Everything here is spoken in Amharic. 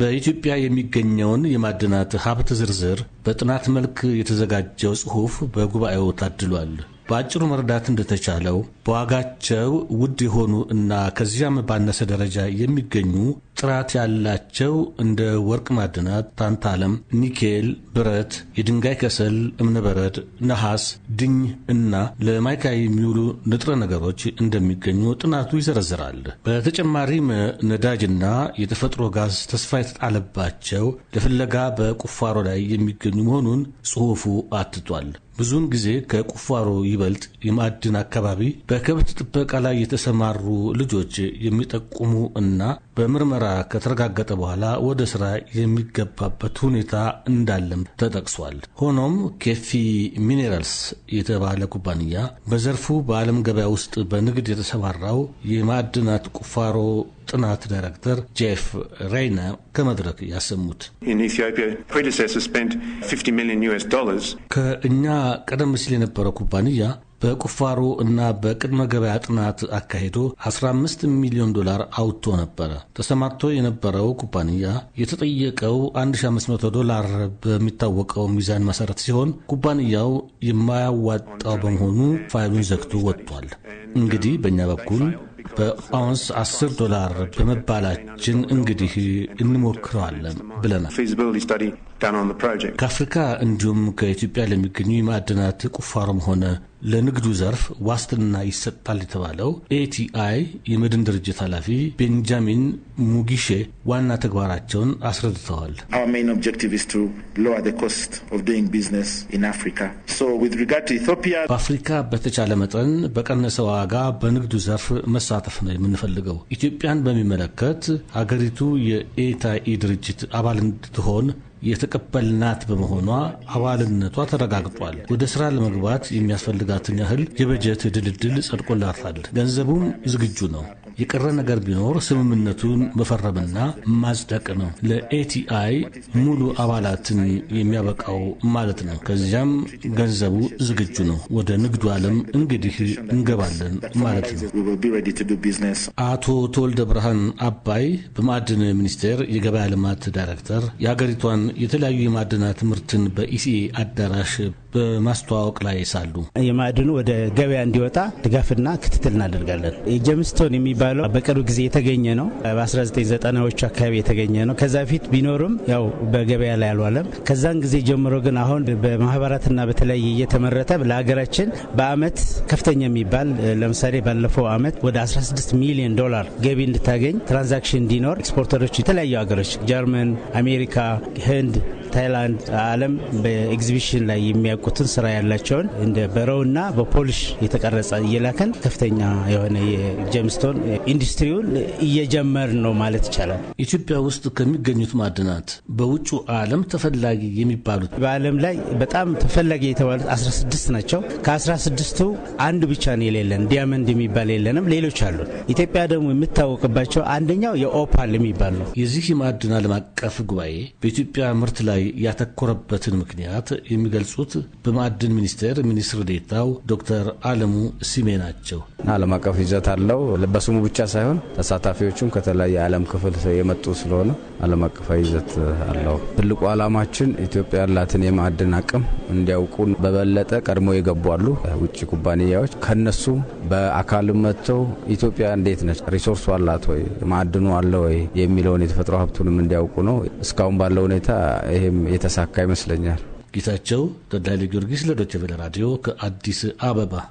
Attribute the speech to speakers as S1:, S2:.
S1: በኢትዮጵያ የሚገኘውን የማዕድናት ሀብት ዝርዝር በጥናት መልክ የተዘጋጀው ጽሑፍ በጉባኤው ታድሏል። በአጭሩ መረዳት እንደተቻለው በዋጋቸው ውድ የሆኑ እና ከዚያም ባነሰ ደረጃ የሚገኙ ጥራት ያላቸው እንደ ወርቅ ማዕድናት፣ ታንታለም፣ ኒኬል፣ ብረት፣ የድንጋይ ከሰል፣ እብነበረድ፣ ነሐስ፣ ድኝ እና ለማይካ የሚውሉ ንጥረ ነገሮች እንደሚገኙ ጥናቱ ይዘረዝራል። በተጨማሪም ነዳጅና የተፈጥሮ ጋዝ ተስፋ የተጣለባቸው ለፍለጋ በቁፋሮ ላይ የሚገኙ መሆኑን ጽሑፉ አትቷል። ብዙውን ጊዜ ከቁፋሮ ይበልጥ የማዕድን አካባቢ በከብት ጥበቃ ላይ የተሰማሩ ልጆች የሚጠቁሙ እና በምርመራ ስራ ከተረጋገጠ በኋላ ወደ ስራ የሚገባበት ሁኔታ እንዳለም ተጠቅሷል። ሆኖም ኬፊ ሚኔራልስ የተባለ ኩባንያ በዘርፉ በዓለም ገበያ ውስጥ በንግድ የተሰማራው የማዕድናት ቁፋሮ ጥናት ዳይሬክተር ጄፍ ሬይነ ከመድረክ ያሰሙት ከእኛ ቀደም ሲል የነበረው ኩባንያ በቁፋሮ እና በቅድመ ገበያ ጥናት አካሂዶ 15 ሚሊዮን ዶላር አውጥቶ ነበረ። ተሰማርቶ የነበረው ኩባንያ የተጠየቀው 1500 ዶላር በሚታወቀው ሚዛን መሰረት ሲሆን ኩባንያው የማያዋጣው በመሆኑ ፋይሉን ዘግቶ ወጥቷል። እንግዲህ በእኛ በኩል በአውንስ 10 ዶላር በመባላችን እንግዲህ እንሞክረዋለን ብለናል። ከአፍሪካ እንዲሁም ከኢትዮጵያ ለሚገኙ የማዕድናት ቁፋሮም ሆነ ለንግዱ ዘርፍ ዋስትና ይሰጣል የተባለው ኤቲአይ የመድን ድርጅት ኃላፊ ቤንጃሚን ሙጊሼ ዋና ተግባራቸውን አስረድተዋል። በአፍሪካ በተቻለ መጠን በቀነሰ ዋጋ በንግዱ ዘርፍ መሳተፍ ነው የምንፈልገው። ኢትዮጵያን በሚመለከት ሀገሪቱ የኤቲአይ ድርጅት አባል እንድትሆን የተቀበልናት በመሆኗ አባልነቷ ተረጋግጧል። ወደ ስራ ለመግባት የሚያስፈልጋትን ያህል የበጀት ድልድል ጸድቆላታል። ገንዘቡም ዝግጁ ነው። የቀረ ነገር ቢኖር ስምምነቱን መፈረምና ማጽደቅ ነው። ለኤቲአይ ሙሉ አባላትን የሚያበቃው ማለት ነው። ከዚያም ገንዘቡ ዝግጁ ነው። ወደ ንግዱ ዓለም እንግዲህ እንገባለን ማለት ነው። አቶ ተወልደ ብርሃን አባይ በማዕድን ሚኒስቴር የገበያ
S2: ልማት ዳይሬክተር
S1: የሀገሪቷን የተለያዩ የማዕድናት ምርትን በኢሲኤ አዳራሽ
S2: በማስተዋወቅ ላይ ሳሉ የማዕድኑ ወደ ገበያ እንዲወጣ ድጋፍና ክትትል እናደርጋለን። ጀምስቶን የሚባ የሚባለው በቅርብ ጊዜ የተገኘ ነው። በ1990ዎቹ አካባቢ የተገኘ ነው። ከዛ በፊት ቢኖርም ያው በገበያ ላይ አልዋለም። ከዛን ጊዜ ጀምሮ ግን አሁን በማህበራትና በተለያየ እየተመረተ ለሀገራችን በአመት ከፍተኛ የሚባል ለምሳሌ ባለፈው አመት ወደ 16 ሚሊዮን ዶላር ገቢ እንድታገኝ ትራንዛክሽን እንዲኖር ኤክስፖርተሮች የተለያዩ ሀገሮች ጀርመን፣ አሜሪካ፣ ህንድ በታይላንድ ዓለም በኤግዚቢሽን ላይ የሚያውቁትን ስራ ያላቸውን እንደ በረው በፖሊሽ የተቀረጸ እየላከን ከፍተኛ የሆነ የጀምስቶን ኢንዱስትሪውን እየጀመር ነው ማለት ይቻላል። ኢትዮጵያ ውስጥ ከሚገኙት ማዕድናት በውጭ ዓለም ተፈላጊ የሚባሉት በዓለም ላይ በጣም ተፈላጊ የተባሉት 16 ናቸው። ከ16ቱ አንዱ ብቻ ነው የሌለን፣ ዲያመንድ የሚባል የለንም። ሌሎች አሉ። ኢትዮጵያ ደግሞ የምታወቅባቸው አንደኛው የኦፓል የሚባል ነው። የዚህ የማዕድን ዓለም
S1: አቀፍ ጉባኤ በኢትዮጵያ ምርት ላይ ያተኮረበትን ምክንያት የሚገልጹት በማዕድን ሚኒስቴር ሚኒስትር ዴታው ዶክተር አለሙ ሲሜ ናቸው።
S2: ዓለም አቀፍ ይዘት አለው። በስሙ ብቻ ሳይሆን ተሳታፊዎቹም ከተለያየ አለም ክፍል የመጡ ስለሆነ ዓለም አቀፋዊ ይዘት አለው። ትልቁ ዓላማችን ኢትዮጵያ ያላትን የማዕድን አቅም እንዲያውቁ በበለጠ ቀድሞ የገቧሉ ውጭ ኩባንያዎች ከነሱ በአካልም መጥተው ኢትዮጵያ እንዴት ነች፣ ሪሶርሱ አላት ወይ፣ ማዕድኑ አለ ወይ የሚለውን የተፈጥሮ ሀብቱንም እንዲያውቁ ነው። እስካሁን ባለው ሁኔታ ይህም የተሳካ ይመስለኛል። ጌታቸው ተድላ ጊዮርጊስ
S1: ለዶይቼ ቬለ ራዲዮ ከአዲስ አበባ